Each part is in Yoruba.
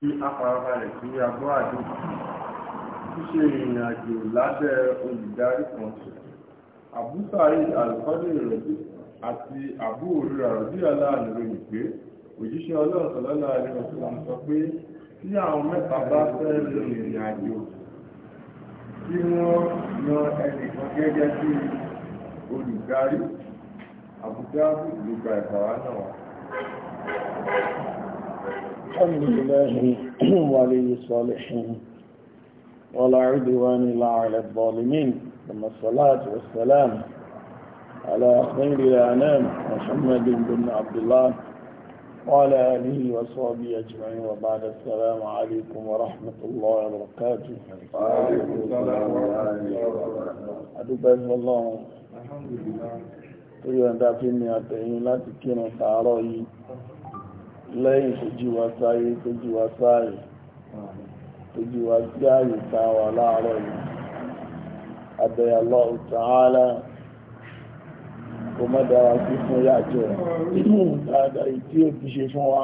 tí a farabalẹ̀ sí agbó àdó ṣíṣe ìrìn àjò lábẹ́ olùdarí kan Abu Sa'id alukọ́dé ìrọ̀bí àti Abu Hurairah rọ̀bí aláàlú ròyìn pé òjíṣẹ́ ọlọ́run sọ̀lọ́lá àríwọ̀sọ̀lá sọ pé tí àwọn mẹ́ta bá fẹ́ rin ìrìn àjò tí wọ́n yan ẹnìkan gẹ́gẹ́ bí olùdarí Abu Dawud ló gba ìfàwá náà الحمد لله ولي الصالحين ولا عدوان إلا على الظالمين ثم الصلاة والسلام على خير الأنام محمد بن عبد الله وعلى آله وصحبه أجمعين وبعد السلام عليكم ورحمة الله وبركاته وعليكم السلام ورحمة الله وبركاته الله الحمد لله تريد أن تعطيني أتعين لا تكين تعرأي lẹ́yìn tó jí wa sáyé tó jí wa sáyé tó jí wa sí ààyè tá a wà láàárọ̀ yìí abẹ́yà Allahu Ta'ala kò má dára sí fún yàjọ́ dáadáa tí ó ti ṣe fún wa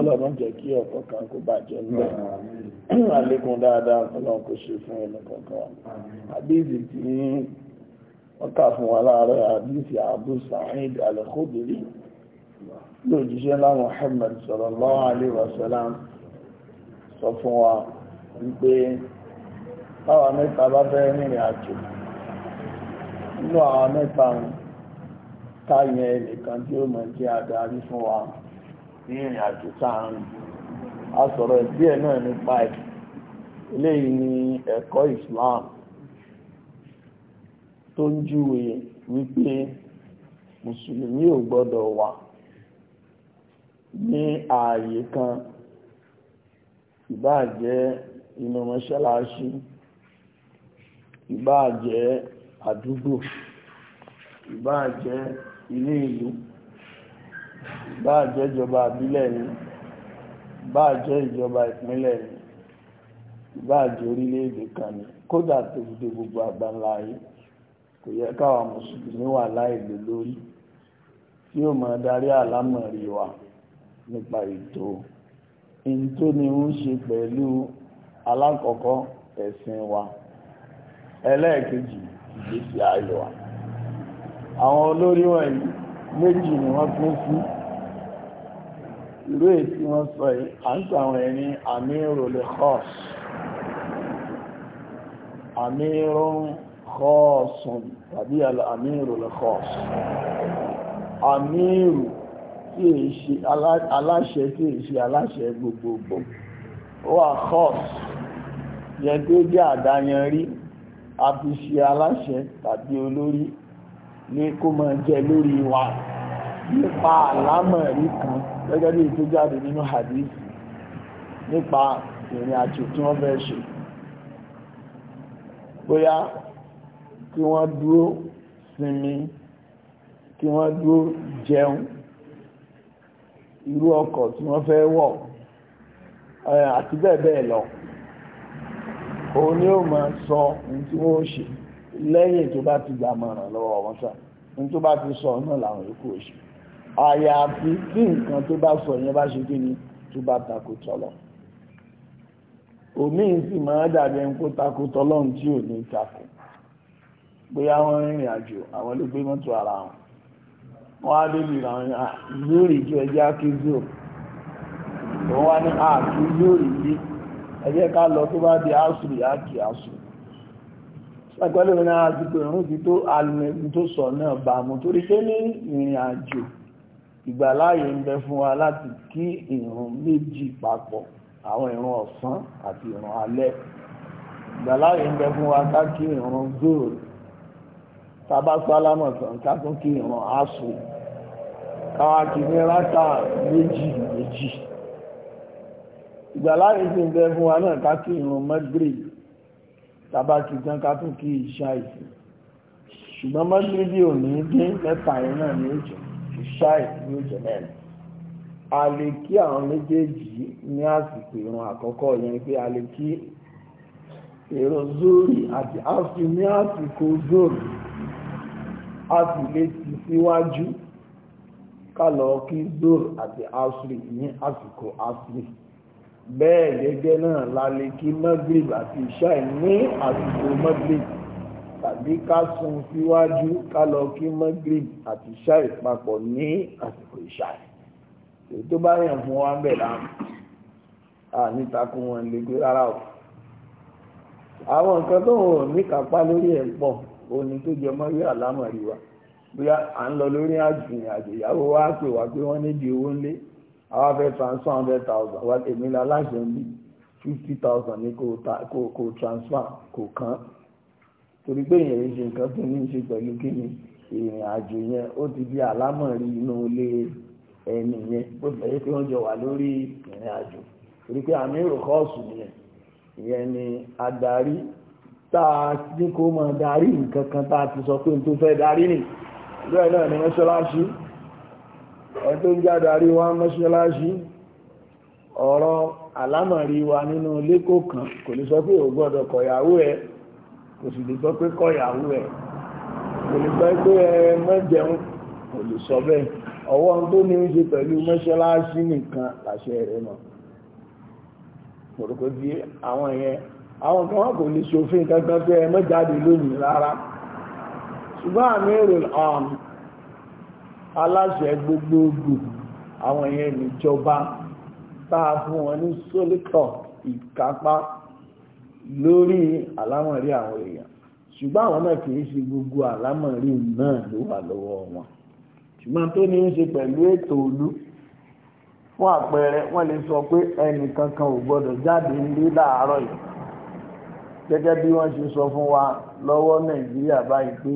ọlọ́run jẹ́ kí ọ̀pọ̀ kan kó bàjẹ́ ńlẹ̀ àlékún dáadáa ọlọ́run kó ṣe fún ẹnu kankan àbíìsì tí wọ́n kà fún wa láàárọ̀ àbíìsì Abu Sa'id Al-Khudri lójíṣẹ́ mohamed Muhammad sallallahu sọ fún wa wípé báwa mẹ́ta bá fẹ́ rìnrìn àjò nínú àwọn mẹ́ta táyẹ ẹnìkan tí ó mọ̀ jẹ́ adarí fún wa ní ìrìn àjò táàrin a sọ̀rọ̀ díẹ̀ náà ní ẹ̀ eléyìí ni ẹ̀kọ́ Islam tó ń júwe wípé mùsùlùmí ò gbọ́dọ̀ ní ààyè kan ìbáàjẹ́ inú mọ́ṣáláṣí ìbáàjẹ́ àdúgbò ìbáàjẹ́ ilé ìlú ìbáàjẹ́ ìjọba àbílẹ̀ ni ìbáàjẹ́ ìjọba ìpínlẹ̀ ni ìbáàjẹ́ orílẹ̀-èdè kan ni kódà tó fi dé gbogbo àgbáńlá kò yẹ káwa mùsùlùmí wà láìlè lórí tí ó máa darí àlámọ̀rí wa nípa ètò in tó ní ń ṣe pẹ̀lú alákọ̀ọ́kọ́ ẹ̀sìn wa ẹlẹ́ẹ̀kejì ìgbésí ayọ̀ wa àwọn olórí wọ̀nyí méjì ni wọ́n pín sí ìró ètí wọ́n sọ yìí à ń sọ àwọn ẹni àmíròlè hors àmírùn hors tàbí àmíròlè hors àmírù tí è ṣe aláṣẹ tí è ṣe aláṣẹ gbogbogbò wà hot yẹ tó jẹ́ àdáyanrí a fi ṣe aláṣẹ tàbí olórí ní kó mọ jẹ lórí wa nípa àlámọ̀rí kan gẹ́gẹ́ bí tó jáde nínú hadith nípa ìrìn àjò tí wọ́n fẹ́ ṣe bóyá kí wọ́n dúró sinmi kí wọ́n dúró jẹun irú ọkọ̀ tí wọ́n fẹ́ wọ̀ àti bẹ́ẹ̀ bẹ́ẹ̀ lọ òun ni ó máa sọ ohun tí wọ́n ṣe lẹ́yìn tó bá ti gbàmọ̀ràn lọ́wọ́ wọn sá ohun tó bá ti sọ náà làwọn yòókù ṣe àyàfi tí nǹkan tó bá sọ yẹn bá ṣe kí ni tó bá takò tọ́lọ̀ òmíì sì máa dàbí ẹni kó takò tọ́lọ̀ tí ò ní takò bóyá wọ́n rìnrìn àjò àwọn ló gbé mọ́tò ara wọn wọ́n á débi ìràwọ̀n lórí ìjọ ẹjẹ́ akízò wọ́n wá ní ààkí ah, lórí ìdí ẹjẹ́ ká lọ tó bá di asùrì àkì asùrì pẹ̀lú ní àdúgbò ìrún ti tó alùmẹ̀kù tó sọ náà bà mú torí pé ní ìrìn àjò ìgbàláyè ń bẹ fún wa láti kí ìrun méjì papọ̀ àwọn ìrun ọ̀sán àti ìrun alẹ́ ìgbàláyè ń bẹ fún wa ká kí ìrun zoro tàbá sálámọ̀ tàn kákún kí ìran aṣò káwàkì ní rákà méjì méjì ìgbàláyé sí ìbẹ̀ fún wa náà kákí ìran Maghrib tàbá kì tán kákún kí ìṣà ìsìn ṣùgbọ́n Maghrib bí ò ní dín mẹ́ta yìí náà ní òjò ìṣà ìsìn ní òjò mẹ́rin a sì lè ti síwájú kálọ̀ kí zoro àti asri ní àsìkò asri bẹ́ẹ̀ gẹ́gẹ́ náà la lè kí magrib àti ishai ní àsìkò magrib tàbí ká sún síwájú kálọ̀ kí magrib àti ishai papọ̀ ní àsìkò ishai èyí tó bá yàn fún wa ń bẹ̀ láàmú àní takùn wọn lè gbé rárá o àwọn nǹkan tó ń wò ní kápá lórí ẹ̀ pọ̀ òní tó jẹ mọ́ rí wa bóyá à ń lọ lórí àjùmí àjò ìyàwó wa pè wá pé wọ́n níbi owó ńlé àwa fẹ́ transfer hundred thousand wa èmi la láṣẹ ń bí fifty thousand ní kò transfer kò kàn torí pé ìyẹn ṣe nǹkan tó ní í ṣe pẹ̀lú kí ni ìrìn àjò yẹn ó ti di àlámọ̀rí inú ilé ẹni yẹn bó ti lẹ́yìn pé wọ́n jọ wà lórí ìrìn àjò torí pé àmì ìrò nìyẹn ìyẹn ni adarí táa ní kó mọ̀ darí nǹkan kan táa ti sọ pé tó fẹ́ darí nì bẹ́ẹ̀ náà ni mọ́ṣáláṣí ẹ tó ń já darí wá mọ́ṣáláṣí ọ̀rọ̀ àlámọ̀rí wa nínú ilé kò kàn kò lè sọ pé ò gbọ́dọ̀ kọ̀yàwó ẹ kò sì lè sọ pé kọ̀yàwó ẹ kò lè sọ pé ẹ mọ́jẹun kò lè sọ bẹ́ẹ̀ ọwọ́ tó ní ń ṣe pẹ̀lú mọ́ṣáláṣí nìkan làṣẹ rẹ̀ mọ̀ pòròkó bí àwọn yẹn àwọn kan wọn kò lè ṣòfin kankan pé ẹ mọ́jáde lónìí rárá ṣùgbọ́n àmì ìrìn àmì um, aláṣẹ gbogbogbò àwọn yẹn níjọba tá a fún wọn ní sólítọ̀ ìkápá lórí àlámọ̀rí àwọn èèyàn ṣùgbọ́n àwọn náà kìí ṣe gbogbo àlámọ̀rí náà ló wà lọ́wọ́ wọn ṣùgbọ́n tó ní í ṣe pẹ̀lú ètò òlu fún àpẹẹrẹ wọ́n lè sọ pé ẹnìkankan ò gbọ́dọ̀ jáde nílé láàárọ̀ yìí gẹ́gẹ́ bí wọ́n ṣe sọ fún wa lọ́wọ́ nàìjíríà báyìí pé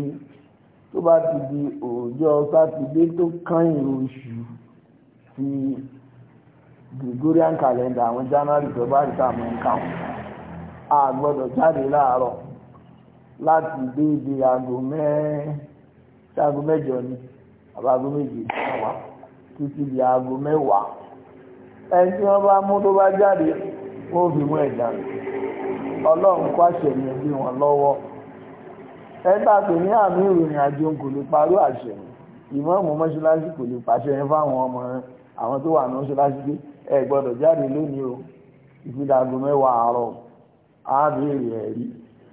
tó bá ti di òòjọ́ sátidé tó kányìn oṣù ti Gregorian calendar àwọn January February tààmù nǹkan a gbọ́dọ̀ jáde láàárọ̀ láti déédé aago mẹ́ẹ̀ẹ́dẹ́gbẹ̀ẹ́ mẹ́jọ ni àbáago méje wà títí di aago mẹ́wàá ẹni tí wọ́n bá mú tó bá jáde wọ́n fi mú ẹ̀dá rẹ̀ ọlọ́run kó àṣẹ mi bí wọn lọ́wọ́ ẹgbà pé ní àmì ìròyìn àjò kò lè parú àṣẹ ìmọ̀ọ́mù mọ́ṣáláṣí kò lè pàṣẹ yẹn fáwọn ọmọ àwọn tó wà ní mọ́ṣáláṣí pé ẹ gbọ́dọ̀ jáde lónìí o ìfidàgbọ́ mẹ́wàá àárọ̀ ààbèrè ẹ̀rí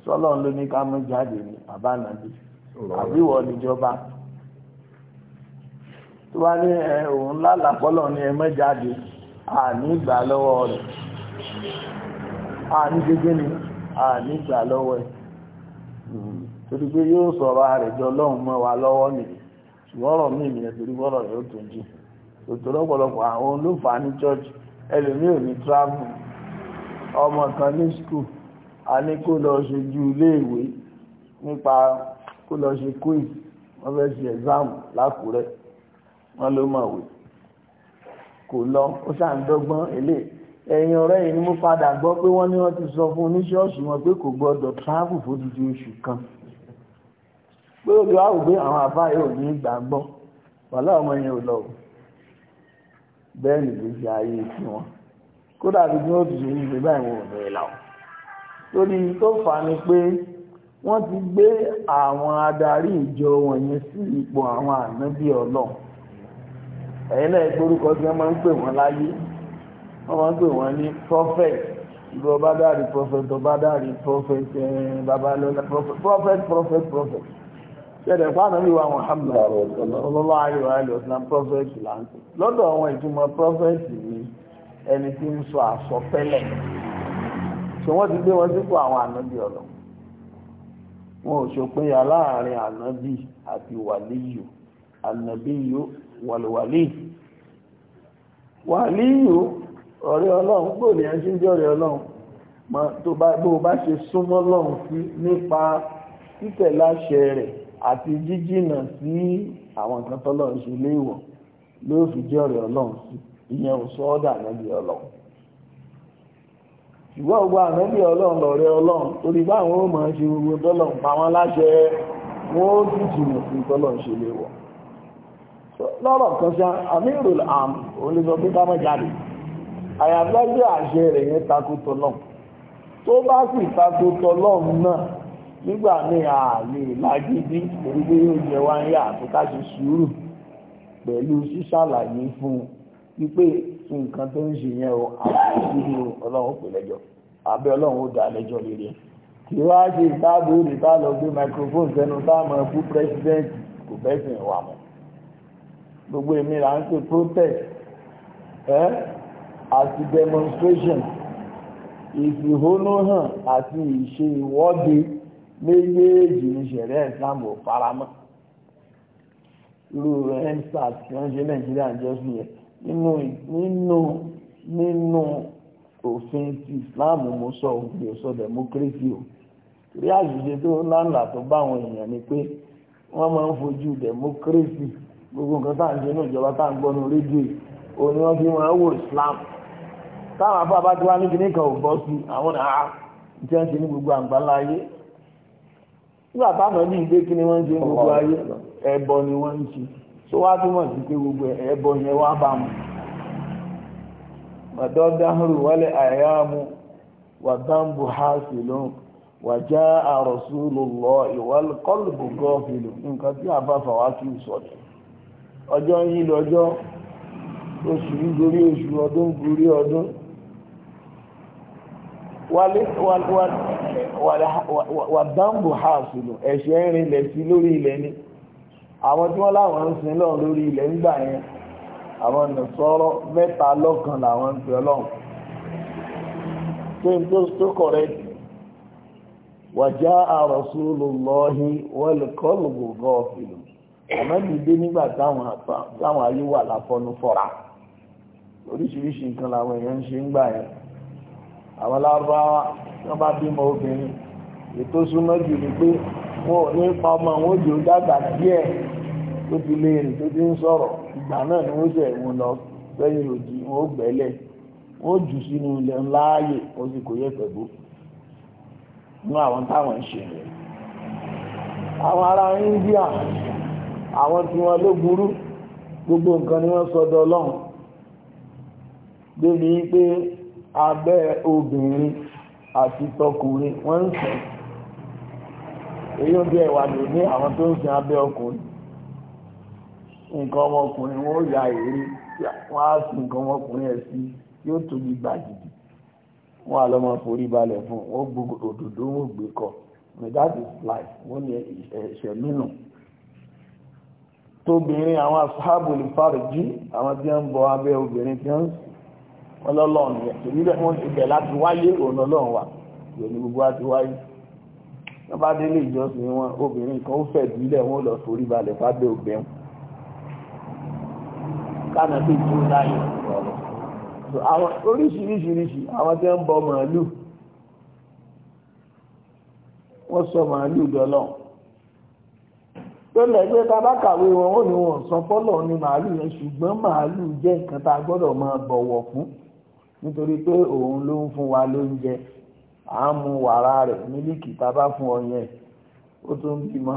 sọlọ́run ló ní ká mú jáde ní bàbá nàbí àbíwọ̀ níjọba tó wá ní ẹ òun lálàpọ́lọ̀ ní ẹ mọ́ jáde àní ìgbà lọ́wọ́ rẹ̀ àní gẹ́gẹ́ ni a nígbà lọ́wọ́ ẹ̀ hmm. torí pé yóò sọ̀rọ̀ ààrẹ jọ lọ́hùn mọ́ wa lọ́wọ́ nìyí ṣùgbọ́n ọ̀rọ̀ mi ìyẹn torí bọ́rọ̀ rẹ̀ ó tún jù lọ́pọ̀lọpọ̀ àwọn olófà ní church ẹlòmíì ò ní travel ọmọ kan ní school a ní kó lọ ṣojú iléèwé nípa kó lọ ṣe quiz wọ́n fẹ́ ṣe exam lákùrẹ́ wọ́n ló mọ̀wé kò lọ ó ṣàǹdọ́gbọ́n eléyìí ẹ̀yìn ọ̀rẹ́ yìí ni mo padà gbọ́ pé wọ́n ní wọ́n ti sọ fún oníṣọ́ọ̀ṣì wọn pé kò gbọ́dọ̀ travel fódìdí oṣù kan pé òbí wa wò pé àwọn àbá yóò ní ìgbàgbọ́ wàhálà ọmọ yẹn ò lọ o bẹ́ẹ̀ ni kò ṣe ayé sí wọn kódà bí wọ́n ti ṣe ní ìgbé báyìí wọn ò bẹ̀rẹ̀ làwọn torí tó fà ni pé wọ́n ti gbé àwọn adarí ìjọ wọn yẹn sí ipò àwọn ànábì ọlọ́run ẹ̀yin náà wọ́n máa ń pè wọ́n ní prophet ìlú badari prophet ọba badari prophet babalola prophet prophet prophet ṣẹ̀dẹ̀ fáànà mi wà Muhammad ọlọ́lá àríwá àríwá islam prophet lantin lọ́dọ̀ àwọn ìtumọ̀ prophet ni ẹni tí ń sọ àsọtẹ́lẹ̀ ṣe wọ́n ti gbé wọn sípò àwọn ànábì ọ̀lọ́ wọn ò ṣòpinya láàrin ànábì àti wàlíyù ànábì yóò wàlúwàlí wàlíyù ọ̀rẹ́ ọlọ́run gbò ní ẹjú ń jẹ́ ọ̀rẹ́ ọlọ́run tó bá ṣe súnmọ́ lọ́run sí nípa títẹ̀ láṣẹ rẹ̀ àti jíjìnà sí àwọn nǹkan tọ́lọ́run ṣe léèwọ̀ ló fi jẹ́ ọ̀rẹ́ ọlọ́run sí ìyẹn ò sọ ọ́dà ànábì ọlọ́run ṣùgbọ́n gbogbo ànábì ọlọ́run lọ̀rẹ́ ọlọ́run torí báwọn ó máa ṣe gbogbo tọ́lọ́run pa wọ́n láṣẹ wọn ó sì jìnà sí tọ́lọ́run ṣe léèwọ̀ lọ́rọ̀ kan ṣá àmì ìròlẹ̀ àmì òun lè sọ pé ká má jáde àyàfẹ́bí àṣẹ rẹ̀ yẹn takótọ́lọ́m tó bá sì takótọ́lọ́m náà nígbà míì ààlè lágídí orílẹ̀ yóò jẹ wá ń yà àtúká ṣe sùúrù pẹ̀lú ṣíṣàlàyé fún wípé nǹkan tó ń ṣe yẹn o àti ìlú ọlọ́run pè lẹ́jọ́ àbẹ́ ọlọ́run ó dá lẹ́jọ́ lórí ẹ̀ kí wá ṣe ìtàbí òde tá lọ gbé microphone sẹ́nu táwọn ẹkú president kò bẹ́sìn wà mọ́ gbogbo èmi là ń ṣe protest ẹ́ àti demonstration ìfìhónúhàn àti ìṣe ìwọ́de méjèèjì ní ṣẹ̀rẹ́ ìsìlámù faramọ́ irú endsars tí wọ́n ṣe nàìjíríà jọ́sí yẹn nínú nínú nínú òfin ti ìsìlámù mo sọ ògbé sọ democracy o torí àṣìṣe tó ńláńlá tó bá àwọn èèyàn ni pé wọ́n máa ń fojú democracy gbogbo nǹkan tá à ń ṣe ní ìjọba tá à ń gbọ́ nu rédíò òní wọ́n fi máa ń islam táwọn àbá bá ní kíní ò gbọ́ sí àwọn àá tí wọ́n ṣe ní gbogbo àǹgbálá ayé nígbà táwọn ní ìgbé kí ni wọ́n ṣe gbogbo ayé ẹbọ ni wọ́n ń ṣe tó wá túmọ̀ sí pé gbogbo ẹbọ yẹn wá bá mu ọ̀dọ́ dáhùrù wọlé àyàmú wàdánbù háàsì lóhùn wàjá àrọ̀sùlù lọ ìwọ́lùkọ́lùbù gọ́ọ̀fìlù nǹkan tí a bá fàwá kí ì sọ̀tẹ̀ ọjọ́ yìí lọ́jọ́ oṣù wàdánbù hàṣùlù ẹ̀ṣẹ̀ ń rinlẹ̀ sí lórí ilẹ̀ ni àwọn tí wọ́n láwọn ń sin lọ́n lórí ilẹ̀ nígbà yẹn àwọn nìsọ́rọ́ mẹ́ta lọ́kan làwọn ń pè ọlọ́run tó ń tó kọ̀rẹ́ wàjá àrọ̀sùlù lọ́hí wọ́lùkọ́lùgbò gọ́ọ̀fìlù àmọ́bìdé nígbà táwọn oríṣiríṣi nǹkan làwọn èèyàn ń ṣe ń gbà yẹn àwọn lárúbáwá wọ́n bá bímọ obìnrin ètò súnmọ́ jù ní pé wọn ò ní pa ọmọ wọn ò jò dàgbà díẹ̀ tó ti lè rìn tó ti ń sọ̀rọ̀ ìgbà náà ni wọ́n ṣe ìwọ̀n lọ sẹ́yìn òdì wọn ó gbẹ́lẹ̀ wọn jù sínú ilẹ̀ ńláàyè wọn sì kò yẹ pẹ̀lú nínú àwọn táwọn ń ṣe rẹ̀. àwọn ará India àwọn tí wọn ló burú gbogbo nǹkan ni wọ́n sọdọ̀ ọlọ́run abẹ́ obìnrin àti tọkùnrin wọ́n ń sìn èyí ó bí ẹ̀wà lè ní àwọn tó ń sin abẹ́ ọkùnrin nǹkan ọmọkùnrin wọn ó ya èrè wọn á sin nǹkan ọmọkùnrin ẹ̀ sí yóò tóbi gbàgìdì wọn á lọ́mọ forí balẹ̀ fún wọn gbogbo òdòdó wọn gbé kọ that is life wọn ní ẹ̀ṣẹ̀ nínú tóbìnrin àwọn asáàbò lè fàrẹ̀ jí àwọn tí wọ́n ń bọ abẹ́ obìnrin tí wọ́n ń sìn wọn lọ́lọ́run yẹn tòbí bẹ́ẹ̀ wọ́n ibẹ̀ láti wáyé òun lọ́lọ́run wà yóò ní gbogbo àti wáyé wọ́n bá délé ìjọsìn wọn obìnrin kan ó fẹ̀dí ilẹ̀ wọn lọ forí balẹ̀ fábẹ́ ògbẹ́hùn kánà tó tó láyé ọ̀rọ̀ oríṣiríṣiríṣi àwọn tí ń bọ màálù wọ́n sọ màálù dọ́lọ́run tó lẹ́gbẹ́ tá bá kàwé wọn ó ní wọn sọ fọ́lọ́ ní màálù yẹn ṣùgbọ́n màálù jẹ́ nǹkan tá a gbọ́dọ̀ máa bọ̀wọ̀ fún nítorí pé òun ló ń fún wa lóúnjẹ à ń mu wàrà rẹ̀ mílíkì tá fún ọ ó tún bímọ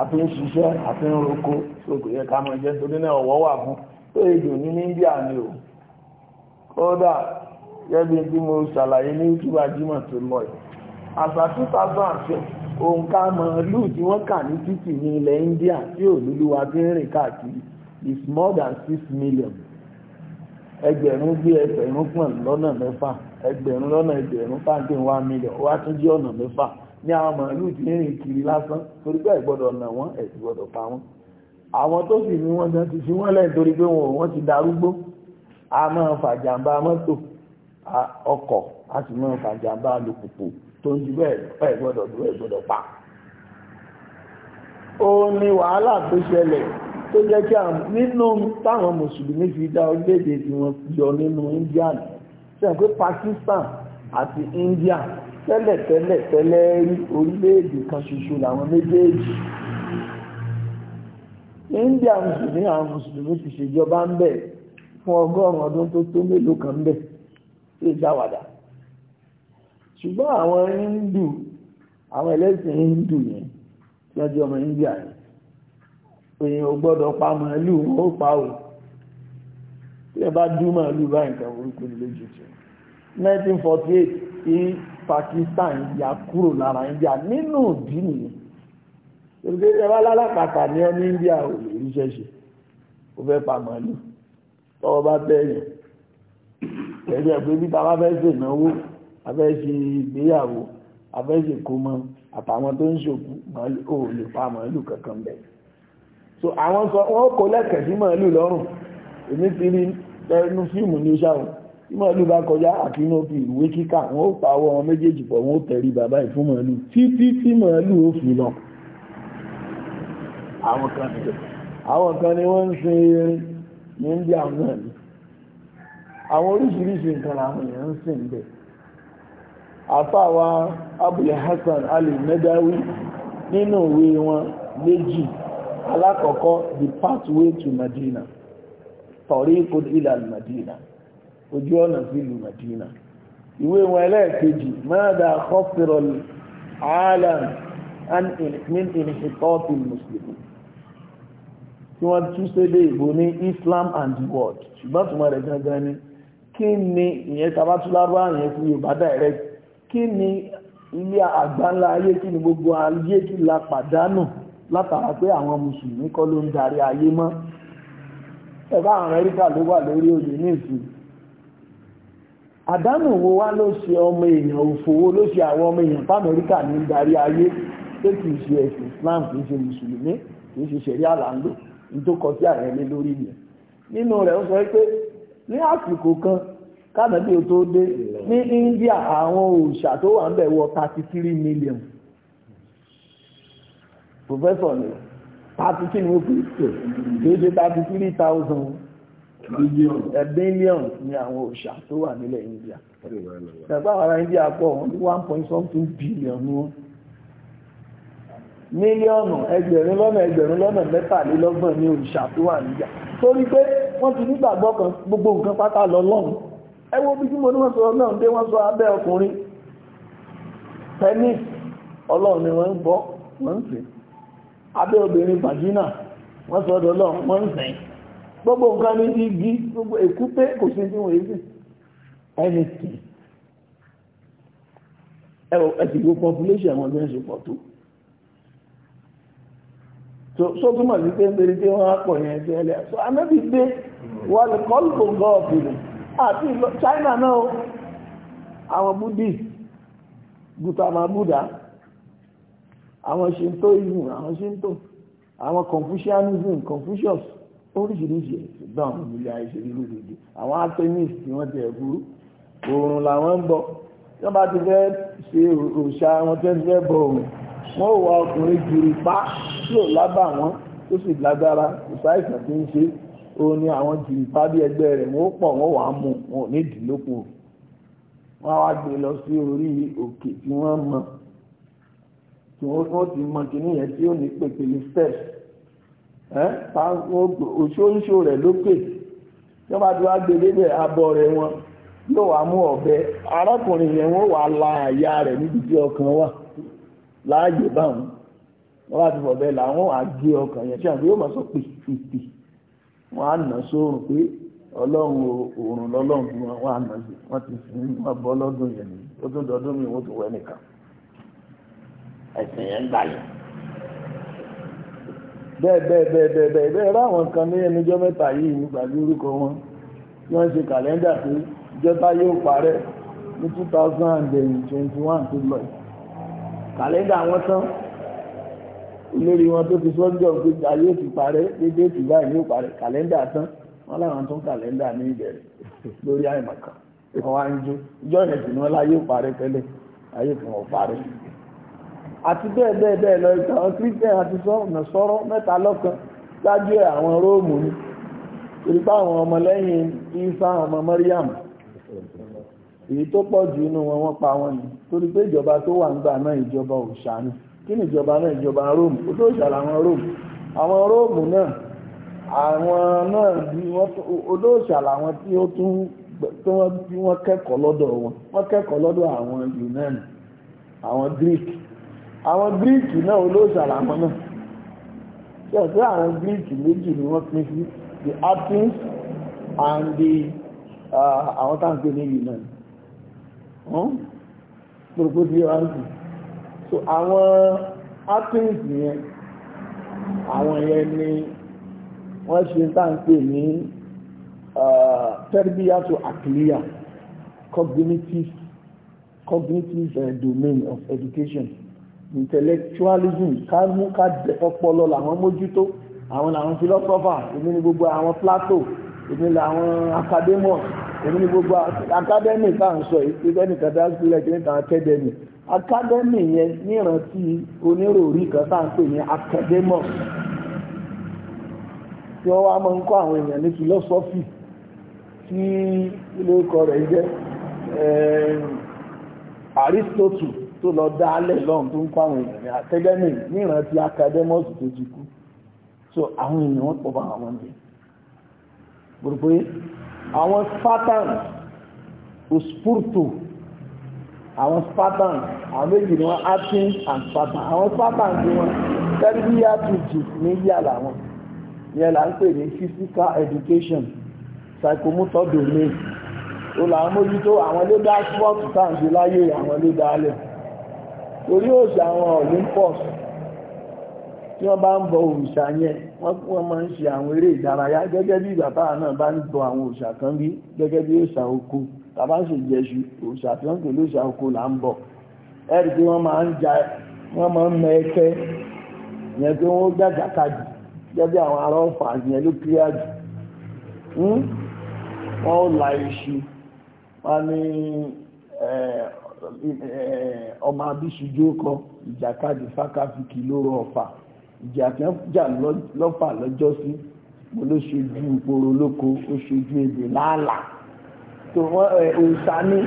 àfi ń ṣiṣẹ́ àfi ń roko tó kò yẹ ká mọ jẹ́ torí náà ọ̀wọ́ wà fún tó èdè ní India ni o kódà gẹ́gẹ́ bí mo ṣàlàyé ní ìtura jímọ̀ tó lọ yìí àṣà 2006 òǹkà màálù tí wọ́n kà ní títì ní ilẹ̀ India tí òlúlúwa ti ń rìn káàkiri is more than six million ẹgbẹ̀rún gbé ẹgbẹ̀rún pọ̀n lọ́nà mẹ́fà ẹgbẹ̀rún lọ́nà ẹgbẹ̀rún pàǹtí one million wá tún jẹ́ ọ̀nà mẹ́fà ní àwọn màálù tí ń rìn kiri lásán torí pé ẹ̀gbọ́dọ̀ nà wọ́n ẹ̀gbọ́dọ̀ pa wọ́n àwọn tó sì ní wọ́n gan ti fi wọ́n lẹ́yìn torí pé wọn ò wọ́n ti darúgbó a máa fàjàmbá mọ́tò ọkọ̀ a sì máa fàjàmbá alùpùpù tó ń ju bẹ́ẹ̀ ẹ̀gbọ́dọ̀ dúró ẹ̀gbọ́dọ̀ pa. ó ní wàhálà tó ṣẹlẹ̀ tó jẹ́ kí nínú táwọn mùsùlùmí fi dá orílẹ̀-èdè tí wọ́n yọ nínú India sẹ́yìn pé Pakistan àti India tẹ́lẹ̀ tẹ́lẹ̀ tẹ́lẹ̀ rí orílẹ̀-èdè kan ṣoṣo làwọn méjèèjì India mùsùlùmí àwọn mùsùlùmí ti ṣèjọba ń bẹ̀ fún ọgọ́rùn-ún ọdún tó tó mélòó kan ń bẹ̀ tí ó jáwàdà ṣùgbọ́n àwọn Hindu àwọn ẹlẹ́sìn Hindu yẹn tí wọ́n jẹ́ ọmọ India yẹn èèyàn ò gbọ́dọ̀ pa màálù wọn ó pa ò tí ẹ bá dú màálù bá nǹkan orúkọ ní lójú 1948 in Pakistan yà kúrò lára India nínú ìdí nìyẹn ìgbé ẹwà lálàpàtà ní ọ ní India ò lè ríṣẹ́ ṣe ó fẹ́ pa màálù tọwọ́ bá bẹ́ẹ̀yàn ẹgbẹ́ pé bí ta bá fẹ́ ṣe ìnáwó afẹ́ ṣe ìgbéyàwó afẹ́ ṣe kó mọ àtàwọn tó ń ṣòkú màálù ò lè pa màálù kankan bẹ́ẹ̀ so àwọn sọ wọ́n kò lẹ́kẹ̀ẹ́ sí màálù lọ́rùn èmi ti rí ẹnu fíìmù ní sáwọn tí màálù bá kọjá àti inú òbí ìwé kíkà wọ́n ó pawọ́ wọn méjèèjì pọ̀ wọ́n ó tẹ̀rí bàbá yìí fún màálù títí tí màálù ó fi lọ àwọn kan nìkan àwọn kan ni wọ́n ń sin erin ní ndí àwọn náà ni àwọn oríṣiríṣi nǹkan làwọn èèyàn ń sìn bẹ̀ àfàwà Abul Hasan Ali Medawi nínú òwe wọn méjì alákọ̀ọ́kọ́ the pathway to Madina tariqun ila Madina ojú ọ̀nà sí ìlú Madina ìwé wọn ẹlẹ́ẹ̀kejì mada khasira alam an min inhitat muslimin tí wọ́n tún sédé ìbò ní Islam and the world ṣùgbọ́n tí wọ́n gangan ni kí ni ìyẹn tabatúlárúwá yẹn fún Yorùbá direct kí ni ilé àgbáńlá ayé kí ni gbogbo ayé kí la pàdánù látara pé àwọn mùsùlùmí kọ́ ló ń darí ayé mọ́ ẹ̀bá àwọn amẹ́ríkà ló wà lórí oyè ní ìsìn àdánù wo wá ló ṣe ọmọ èèyàn òfòwò ló ṣe àwọn ọmọ èèyàn fámẹ́ríkà ní ń darí ayé pé kìí ṣe ẹ̀sìn Islam kìí ṣe mùsùlùmí kìí ṣe ṣẹ̀rí àlàndò ní tó kọ sí ààrẹ lé lórí yẹn nínú rẹ̀ ó sọ pé ní àsìkò kan kánàbí ó tó dé ní India àwọn òòṣà tó wà ń bẹ̀ wọ thirty three million professor ni thirty three ní òkú ìṣe kìí ṣe thirty three thousand eh, billion ni àwọn òòṣà tó wà nílẹ̀ India ẹ̀gbọ́n àwọn ará India pọ̀ wọ́n ní one point something billion ni wọ́n mílíọ̀nù ẹgbẹ̀rún lọ́nà ẹgbẹ̀rún lọ́nà mẹ́tàlélọ́gbọ̀n ní òòṣà tó wà níjà torí pé wọ́n ti nígbàgbọ́ kan gbogbo nǹkan pátá lọ lọ́run ẹ wo bí mo ní wọ́n sọ náà dé wọ́n sọ abẹ́ ọkùnrin tennis ọlọ́run ni wọ́n ń bọ́ wọ́n ń sìn abẹ́ obìnrin vagina wọ́n sọ ọ̀dọ̀ lọ́wọ́ wọ́n ń sẹ́yìn gbogbo nǹkan ní igi gbogbo èkúté kò sí tí wọ́n èsì anything ẹ̀sìgbò population wọn bẹ́ẹ̀ ṣe pọ̀ tó so túnmọ̀ sí pé ń bèrè tí wọ́n á pọ̀ yẹn tí ẹlẹ́ so anábì dé wà lè kọ́ lò gọ́ọ̀fù rẹ̀ àti China náà àwọn Buddhist Gautama Buddha àwọn shintoism àwọn shinto àwọn confucianism confucius oríṣiríṣi ṣùgbọ́n àwọn ìlú àìṣèlú lòdì àwọn atheist tí wọ́n ti ẹ̀kúrú oòrùn làwọn ń bọ̀ tí wọ́n bá ti fẹ́ ṣe òòṣà wọn tẹ́ ti fẹ́ bọ òòrùn wọ́n ò wá ọkùnrin kiri pa tí ò lábà wọn tó sì lágbára kò sáìsàn tí ń ṣe òun ni àwọn kiri pa bí ẹgbẹ́ rẹ̀ wọ́n pọ̀ wọ́n wà á mú wọn ò ní ìdílókun wọ́n á wá gbé lọ sí orí òkè tí wọ́n mọ̀ tí wọ́n kàn ti mọ kínní yẹn tí ó ní pèpè ní steps ẹ́ oṣooṣo rẹ̀ lókè tí wọ́n bá ti wá gbé débẹ̀ abọ́ rẹ̀ wọn yóò wá mú ọ̀bẹ arákùnrin yẹn wọ́n wá la àyà rẹ̀ níbi tí ọkàn wà láàyè báwọn wọ́n bá ti fọ̀bẹ làwọn wá gé ọkàn yẹn tí àwọn yóò máa sọ pìpìpì wọ́n á nà sórùn pé ọlọ́run òòrùn lọ́lọ́run fún wọn wọ́n á nà sí wọ́n ti sìn wọ́n bọ́ lọ́dún yẹn ní ó tún dọdún mi wọ́n tún wẹ́ nìkan ẹ̀sìn yẹn gbà yẹn. bẹ́ẹ̀ bẹ́ẹ̀ bẹ́ẹ̀ bẹ́ẹ̀ bẹ́ẹ̀ bẹ́ẹ̀ ráwọn kan ní ẹnujọ́ mẹ́ta yìí nígbà bí orúkọ wọn tí wọ́n ṣe kàlẹ́ndà pé ìjọba yóò parẹ́ ní two thousand and twenty one tó lọ kàlẹ́ndà wọn tán olórí wọn tó ti sọ́jọ́ pé ayé ti parẹ́ dédé ti báyìí yóò parẹ́ kàlẹ́ndà tán wọn láwọn tó ń kàlẹ́ndà ní ìbẹ̀rẹ̀ lórí àìmọ̀kan wọn wá ń jó ìjọ ìrẹsì ni wọn láyé parẹ́ tẹ́lẹ̀ ayé kan ò parẹ́ àti bẹ́ẹ̀ bẹ́ẹ̀ bẹ́ẹ̀ lọ ìtàn àwọn christian àti sọ́ọ̀nà sọ́rọ́ mẹ́ta lọ́kan ṣáájú ẹ̀ àwọn róòmù ni torí pé àwọn ọmọlẹ́yìn isa ọmọ Mariam èyí tó pọ̀ jù inú wọn wọ́n pa wọn ni torí pé ìjọba tó wà nígbà náà ìjọba òòṣà ni kí ni ìjọba náà ìjọba róòmù ó tó ṣàlà àwọn róòmù àwọn róòmù náà àwọn náà bí wọ́n olóòṣà làwọn tí ó tún tí wọ́n kẹ́kọ̀ọ́ lọ́dọ̀ wọn wọ́n kẹ́kọ̀ọ́ lọ́dọ̀ àwọn Yunani àwọn Greek àwọn gíríìkì náà olóòṣà làwọn náà ṣe ọ̀sẹ̀ àwọn gíríìkì méjì ni wọ́n pín sí the athens and the uh, àwọn táǹkì ní yunan pòròpó sí ọ́nà so àwọn athens yẹn àwọn yẹn ni wọ́n ṣe táǹkì ní uh, tẹ́rbíyà to àkìlíyà cognitive cognitive uh, domain of education intellectualism ká mú ká ọpọlọ làwọn mójútó àwọn làwọn philosopher èmi ni gbogbo àwọn plato èmi làwọn academic èmi ni gbogbo academy tá à ń sọ yìí pé sẹ́nìkan dá sílẹ̀ kí níta academy academy yẹn nírántí onírúurú kan tá à ń pè ní academic tí wọ́n wá máa ń kọ́ àwọn èèyàn ní philosophy tí ilé ọkọ rẹ̀ jẹ́ Aristotle tó lọ dá alẹ́ lọ́n tó ń kọ́ àwọn èèyàn ní akademi níran ti akademos tó ti kú so àwọn èèyàn wọ́n pọ̀ bá àwọn ní gbogbo àwọn spartan ospurto àwọn spartan àwọn méjì ni wọ́n athens and spartan àwọn spartan tí wọ́n tẹ́lifíyà tuntun ní yàrá wọn yẹn là ń pè ní physical education psychomotor domain ó là ń mójútó àwọn ló dá sport tàǹdì láyé àwọn ló dá alẹ́ torí òòṣà àwọn Olympus tí wọ́n bá ń bọ òòṣà yẹn wọ́n máa ń ṣe àwọn eré ìdárayá gẹ́gẹ́ bí bàbá náà bá ń bọ àwọn òòṣà kan bí gẹ́gẹ́ bí òòṣà oko tàbá ń ṣèjẹṣu òòṣà tí wọ́n ń bọ ẹ̀rì tí wọ́n máa ń ẹkẹ́ yẹn tí wọ́n gẹ́gẹ́ àwọn ará ọ̀fà yẹn hmm? wọ́n la iṣu wọ́n ọmọ abíṣujú kọ ìjàkadì fákàfíkì lóró ọ̀fà ìjà tí wọ́n jà lọ́fà lọ́jọ́sí mo ló ṣojú ìporo olóko ó ṣojú èdè láàlàá tó wọ́n òòṣà ní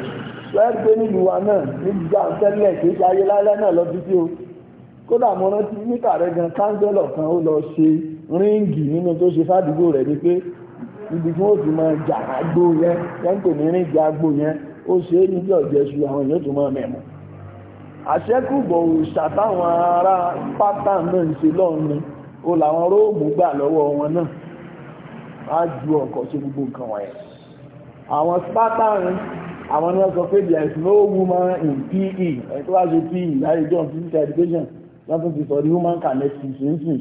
wọ́n gbé nílùú wa náà nígbà tẹ́lẹ̀ kí ṣe ayé lálẹ́ náà lọ títí o kódà mo rántí níta rẹ gan káńsẹ́lọ̀ kan ó lọ ṣe ríǹgì nínú tó ṣe fádùúgbò rẹ̀ ni pé ibi tí wọ́n ti máa jà àgbo yẹn yẹn ń pè ní ríǹgì àgbo yẹn ó ṣe é níjọ́ jésù àwọn èèyàn tó máa mẹ́mọ̀ àṣẹ́kùbọ̀ òòṣà táwọn ará pátá náà ń ṣe lọ́ọ̀ni ó làwọn róòmù gbà lọ́wọ́ wọn náà á ju ọkọ̀ sí gbogbo nǹkan wọ̀nyẹn àwọn spartan àwọn ni wọ́n sọ pé there is no woman in PE ẹ̀ tó wá ṣe PE láyé john physical e education wọ́n tún ti sọ ní human kinetics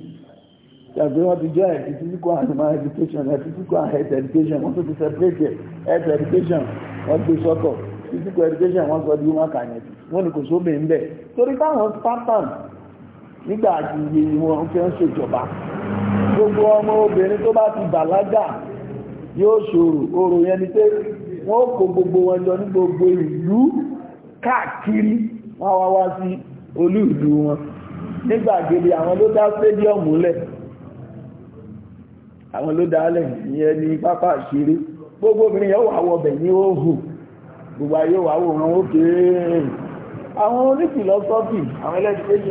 tàbí wọ́n ti jẹ́ ẹ̀dì physical animal education ẹ̀ physical and health education wọ́n tún ti separate health education wọ́n gbé sọ́tọ̀ physical education wọ́n sọ di human kinetics wọ́n ní kò sóbè ń bẹ̀ torí táwọn spartan nígbà àti iye wọn fẹ́ ń ṣèjọba gbogbo ọmọ obìnrin tó bá ti bàlágà yóò ṣòro orò yẹn ni pé wọ́n kó gbogbo wọn jọ ní gbogbo ìlú káàkiri wọ́n wá wá sí olú ìlú wọn nígbàgede àwọn ló dá stadium lẹ̀ àwọn ló dálẹ̀ ìyẹn ní pápá ìṣeré gbogbo obìnrin yóò wà wọ̀bẹ̀ ní òhù gbogbo ayé wà wòran ókè àwọn onífìlọ́sọ́fì àwọn ẹlẹ́dìkẹ́sì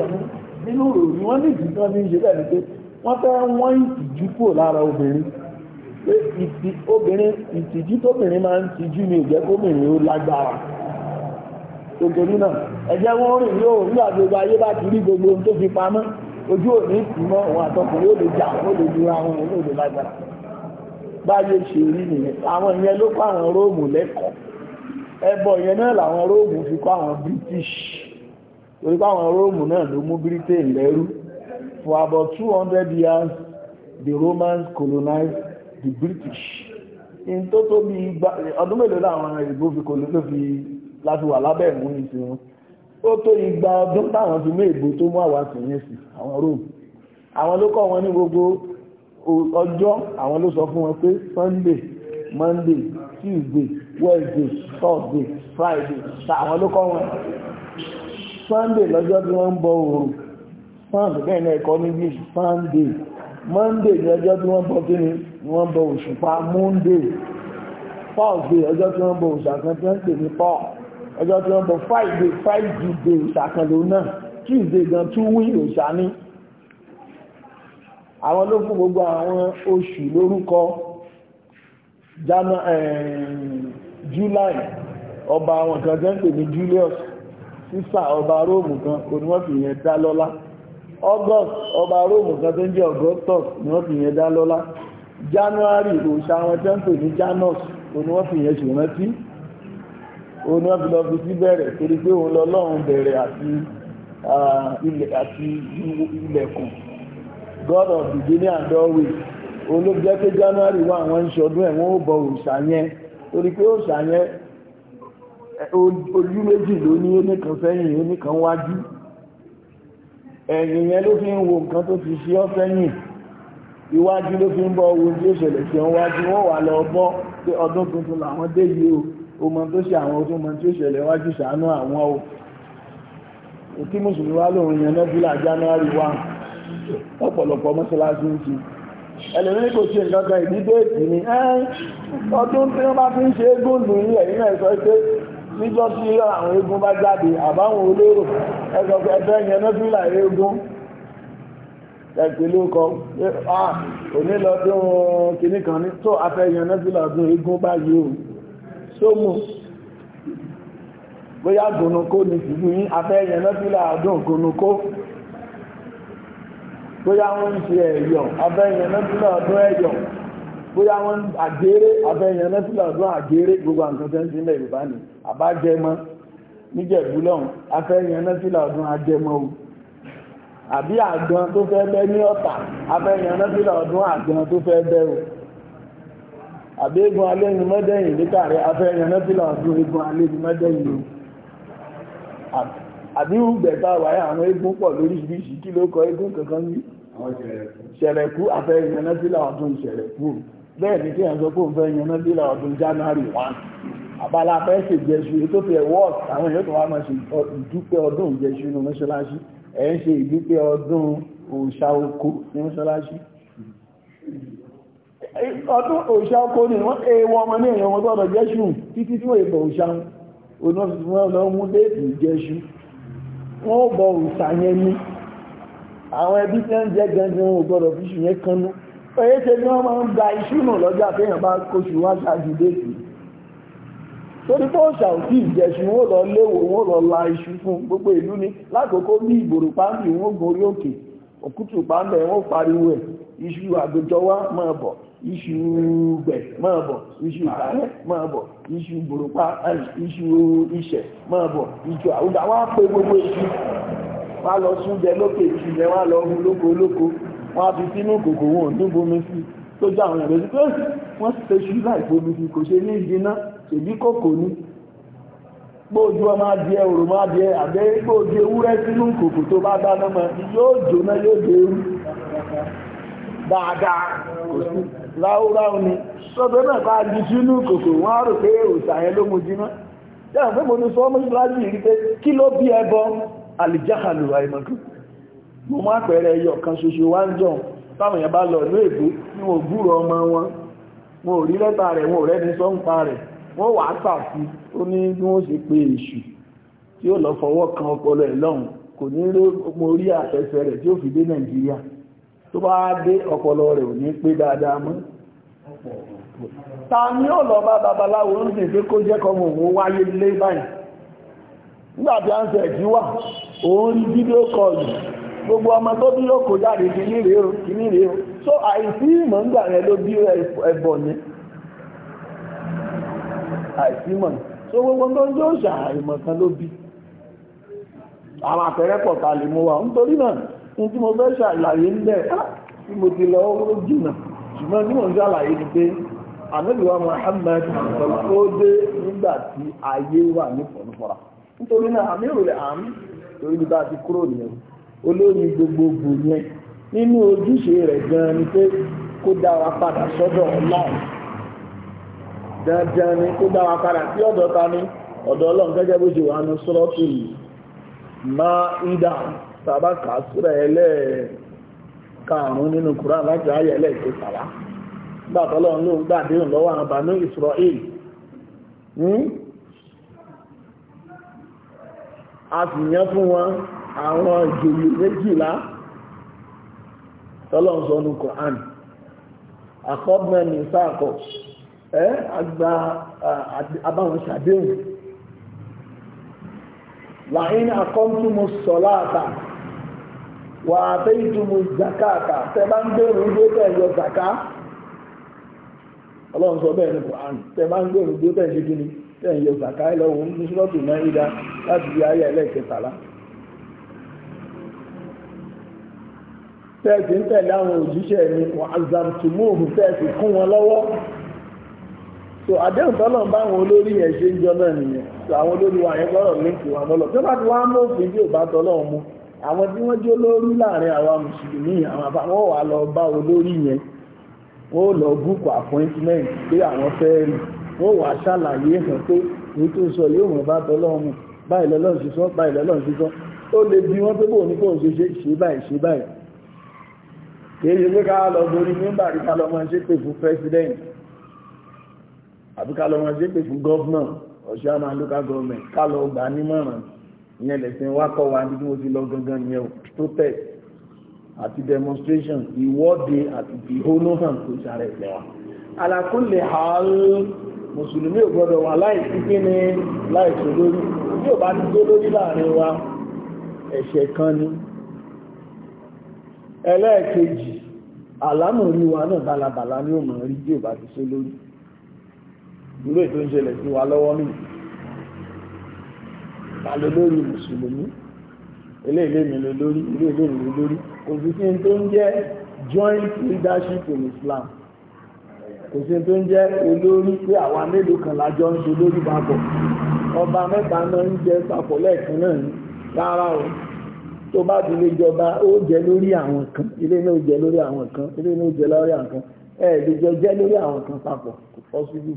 nínú ìròyìn wọ́n ní ìtìtàn ní ìṣẹ́ bẹ̀rẹ̀ pé wọ́n fẹ́ wọ́n ìtìjú kò lára obìnrin pé obìnrin ìtìjú tóbìnrin máa ń tijú ní ìjẹ́ kóbìnrin ó lágbára tòkè nínà ẹ̀jẹ̀ wọ́n rìn yóò nígbà gbogbo ayé bá ti rí gbogbo ohun tó fi pamọ́ ojú òní tì mọ́ òun àtọkùnrin ó lè jà ó lè dúra wọn ó lè lágbára báyé ṣe rí nìyẹn àwọn ìyẹn ló kọ́ àwọn róòmù lẹ́kọ̀ọ́ ẹbọ ìyẹn náà làwọn róòmù fi kọ́ àwọn british torí pé àwọn róòmù náà ló mú britain lẹ́rú for about two hundred years the romans colonized the british in tó tó bí ọdún mélòó làwọn ìbò fi kò ló fi láti wà lábẹ́ ìmúnisìn wọn ó tó igba ọdún táwọn fi to ègbò tó mú àwa àwọn Rome àwọn ló kọ́ wọn ní gbogbo ọjọ́ àwọn ló sọ fún wọn pé Sunday Monday Tuesday Wednesday Thursday Friday àwọn ló kọ́ wọn Sunday lọ́jọ́ tí wọ́n ń bọ oòrùn Sunday bẹ́ẹ̀ náà ẹ̀kọ́ ní Sunday Monday ní ọjọ́ tí wọ́n bọ kí ni wọ́n Monday Thursday ọjọ́ tí bọ òṣùpá ọjọ́ tí wọ́n bọ̀ friday friday day ìṣàkànlò náà tuesday gan tún wí òṣà ní àwọn ló fún gbogbo àwọn oṣù lórúkọ eh, july ọba àwọn kan jẹ́ ń pè ní julius sísà ọba róòmù kan kò ní wọ́n fi yẹn dá lọ́lá august ọba róòmù kan tó ń jẹ́ augustus ni wọ́n fi yẹn dá lọ́lá january òṣà àwọn jẹ́ ń pè ní janus kò ní wọ́n fi yẹn ṣèrántí òun náà fi lọ fi sí bẹ̀rẹ̀ torí pé òun lọ lọ́run bẹ̀rẹ̀ àti ilẹ̀ àti ilẹ̀kùn god of beginning and doorway òun ló jẹ́ pé january wà wọ́n ń ṣọdún ẹ̀ wọ́n ó bọ òòṣà yẹn torí pé òòṣà yẹn ojú méjì ló ní oníkan sẹ́yìn oníkan wájú ẹ̀yìn yẹn ló fi ń wo nǹkan tó ti ṣe ọ́ sẹ́yìn iwájú ló fi ń bọ ohun tí ó ṣẹlẹ̀ sí ọ́n wájú wọ́n wà lọ bọ́ pé ọdún tuntun làwọn dé yìí o ó mọ tó ṣe àwọn tó mọ tí ó ṣẹlẹ̀ wájú ṣàánú àwọn o òtí mùsùlùmí wá lòun yẹn nọ́bílà january 1 ọ̀pọ̀lọpọ̀ mọ́sálásí ń ti ẹlẹ́mí kò ṣe nǹkan kan ìdí déètì ni ọdún tí wọ́n bá fi ń ṣe égúnlù ní ẹ̀yìn náà sọ pé níjọ́ tí àwọn eégún bá jáde àbáwọn olóró ẹ̀sọ̀ ẹ̀fẹ́ yẹn nọ́bílà eégún ẹ̀pẹ̀ ló kọ ah, òní lọ́dún kìnnìkan ní tó afẹ́yẹn nọ́bílà ọdún eégún báyìí o tó mú bóyá gúnnukó ni ṣùgbù yí afẹ́yẹ lọ́pílà ọdún gúnnukó bóyá wọ́n ń ṣe ẹ̀yọ̀ afẹ́yẹ lọ́pílà ọdún ẹ̀yọ̀ bóyá wọ́n àgéré afẹ́yẹ lọ́pílà ọdún àgéré gbogbo nǹkan tẹ́ ń ti ilẹ̀ Yorùbá ni àbájẹmọ́ níjẹ̀bú lọ́hùn afẹ́yẹ lọ́pílà ọdún àjẹmọ́ o àbí àgbọn tó fẹ́ bẹ́ ní ọ̀tà afẹ́yẹ lọ́pílà ọdún àgbọn tó fẹ́ bẹ́ o àbẹ́gun alẹ́ ni mọ́dẹ́yìn létàrí afẹ́yàn nẹ́fìlà ọdún egun alẹ́ ni mọ́dẹ́yìn o àbíhù gbẹ̀ta wáyé àwọn egun pọ̀ lóríṣiríṣi kí ló kọ egun kankan ní ṣẹ̀rẹ̀kú afẹ́yàn nẹ́fìlà ọdún ṣẹ̀rẹ̀kú bẹ́ẹ̀ ni kí ẹ̀sọ́ kó fẹ́ yan nẹ́fìlà ọdún January 1 àbálá fẹ́ ṣe jẹ́ṣu tó fẹ́ wọ́ọ̀t àwọn èèyàn tó wá máa ṣe ìdúpẹ́ ọdún jẹ́ṣu ní mọ́ṣáláṣí ẹ̀ ń ṣe ìdúpẹ́ ọdún òòṣà oko ní mọ́ṣáláṣí ọdún òṣà kó ní wọ́n èèwọ̀ ọmọ ní èèyàn wọn gbọ́dọ̀ jẹ́ṣù títí tí wọ́n èèbọ̀ òṣà òná fi wọ́n lọ mú déètì jẹ́ṣù wọ́n ó bọ òṣà yẹn ní àwọn ẹbí tí wọ́n jẹ́ gẹ́gẹ́ wọn ò gbọ́dọ̀ fi ṣù yẹn kanú oyé ṣe ni wọ́n máa ń gba iṣu nù lọ́jà téèyàn bá kóṣù wá ṣáájú déètì torí pé òṣà ò tí ìjẹṣù wọn ò lọ léwò wọn ò lọ la iṣu fún gbogbo ìlú ni lákòókò bí ìgboro pàǹdì wọn ò gorí òkè òkútù pàǹdì wọn ò pariwo ẹ̀ iṣu gbẹ̀ máa bọ̀ iṣu ìtàlẹ̀ máa bọ̀ iṣu burúkú iṣu iṣẹ̀ máa bọ̀ iṣu àwùdá wá pé gbogbo iṣu wá lọ súnjẹ lókè iṣu yẹn wá lọ mú lóko olóko wọ́n á fi sínú kòkò wọn ò ní bomi sí tó jẹ́ àwọn ìrẹsì pé wọ́n ti ṣe láì bomi sí kò ṣe ní ìdíná ṣèbí kòkò ní gbóòjú ọmọ adìẹ òrò máa adìẹ àbẹ́ gbóòjú ewúrẹ́ sínú kòkò tó bá dáná mọ́ yóò jóná yóò dé dáadáa kò sí ráúráú ni sọ́dọ̀ náà bá di sínú kòkò wọ́n á rò pé òòsà yẹn ló mú jiná jẹ́rùn pé mo ní sọ́mọ́ síláàjì rí pé kí ló bí ẹbọ àlìjáhàlù àìmọ̀kú mo máa pẹ̀rẹ̀ ẹyọ kan ṣoṣo wá ń jọ táwọn èèyàn bá lọ ìlú èbó ní wọn gbúrò ọmọ wọn wọn ò rí lẹ́tà rẹ̀ wọn ò rẹ́ni sọ ń pa rẹ̀ wọ́n wà á tà sí ó ní bí tí ó lọ fọwọ́ kan ọpọlọ ẹ̀ kò ní rí mo rẹ̀ tí ó fi dé nàìjíríà tó bá dé ọpọlọ rẹ̀ ò ní pé dáadáa ta ni ó bá babaláwo ń sì pé kó jẹ́ kọmọ òun wáyé lé báyìí nígbàtí ń sẹ̀ jí wà òun rí fídíò kọlù gbogbo ọmọ tó bí o so àìsí ìmọ̀ ń gbà ẹbọ ni àìsí so gbogbo tó ń kan ló bí àwọn àpẹẹrẹ ní tí mo fẹ́ ṣàlàyé ń bẹ̀ tí ah, mo ti lọ ó jìnà ṣùgbọ́n tí mo ń ṣàlàyé ni pé ó dé nígbà tí ayé wà ní fọ̀nfọ̀ra nítorí náà àmì ìròlẹ̀ àmì torí kúrò nìyẹn olórí gbogbogbò yẹn nínú ojúṣe rẹ̀ gan sọ́dọ̀ ọlọ́run dandan ni ní tàbá kà súrà ẹlẹ́ẹ̀karùn-ún nínú Kùránì láti ayẹ̀ ẹlẹ́ẹ̀kẹtàlá nígbà tọ́lọ́run ló ń gbàdéhùn lọ́wọ́ àwọn hmm? a sì yán fún wọn àwọn ìjòyè méjìlá tọ́lọ́run sọ ní sáàkọ̀ àkọ́ntúnmọ̀ sọ̀láàtà wà á fẹ́ ìtumù zakata tẹ́ bá ń gbèrú bí ó tẹ̀ yọ zaka ọlọ́run sọ bẹ́ẹ̀ ní Quran tẹ́ bá ń gbèrú bí ó tẹ̀ ṣe kíni tẹ́ yọ zaka ẹlẹ́wọ̀n ní sọ́ọ̀tù náà ìdá láti bí ayé ẹlẹ́kẹtàlá tẹ́ẹ̀sì ń tẹ̀lé àwọn òjíṣẹ́ mi wọ́n azamtumuhu tẹ́ẹ̀sì kún wọn lọ́wọ́ so àdéhùn tọ́lọ̀ ń bá àwọn olórí yẹn ṣe ń jọ náà nìyẹn so àwọn olórí wa yẹn gbọ́dọ̀ líǹkì wa mọ́lọ̀ tí àwọn tí wọ́n jó lórí láàrin àwa mùsùlùmí àwọn àbáwọ́ wà lọ bá olórí yẹn ó lọ búkù appointment pé àwọn fẹ́ rí ó wà ṣàlàyé hàn pé ní tó sọ yóò mọ̀ bá tọ́lọ́mù báyìí lọ́lọ́run sí sọ báyìí lọ́lọ́run sí sọ ó lè bí wọ́n pé bóò ní kóò ṣe ṣe ṣe báyìí ṣe báyìí kéèyè pé ká lọ borí nígbà rí ká lọ máa ṣe pè fún president àbí ká lọ máa àmà local government ká lọ gbà nímọ̀ràn ìyẹn lẹ̀sìn wá kọ́ wa níbi wọ́n ti lọ gangan yẹn o protest àti demonstration ìwọ́de àti ìhónú hàn kò sáré ìfẹ́ wa. àlàkùnlé hàl mùsùlùmí ò gbọ́dọ̀ wà láìsí kí ni láìsí lórí tí ò bá ti dé lórí láàrin wa ẹ̀ṣẹ̀ kan ni. ẹlẹ́ẹ̀kejì àlámọ̀rí wa náà balabàla ni ó mọ̀ rí bí ò bá ti ṣe lórí. ìlú ètò ń sí wa lọ́wọ́ nìyí ta ló lórí mùsùlùmí eléèlé mi ló lórí eléèlé mi lórí kò sí sí tó ń jẹ́ joint leadership in Islam kò sí tó ń jẹ́ olórí pé àwa mélòó kan lájọ ń ṣe lórí papọ̀ ọba mẹ́ta náà ń jẹ papọ̀ lẹ́ẹ̀kan náà ní rárá o tó bá ti lè jọba ó jẹ lórí àwọn kan ilé náà jẹ lórí àwọn kan ilé náà jẹ lórí àwọn kan ẹ̀ẹ́dẹ̀jọ jẹ lórí àwọn kan papọ̀ kò pọ́sibú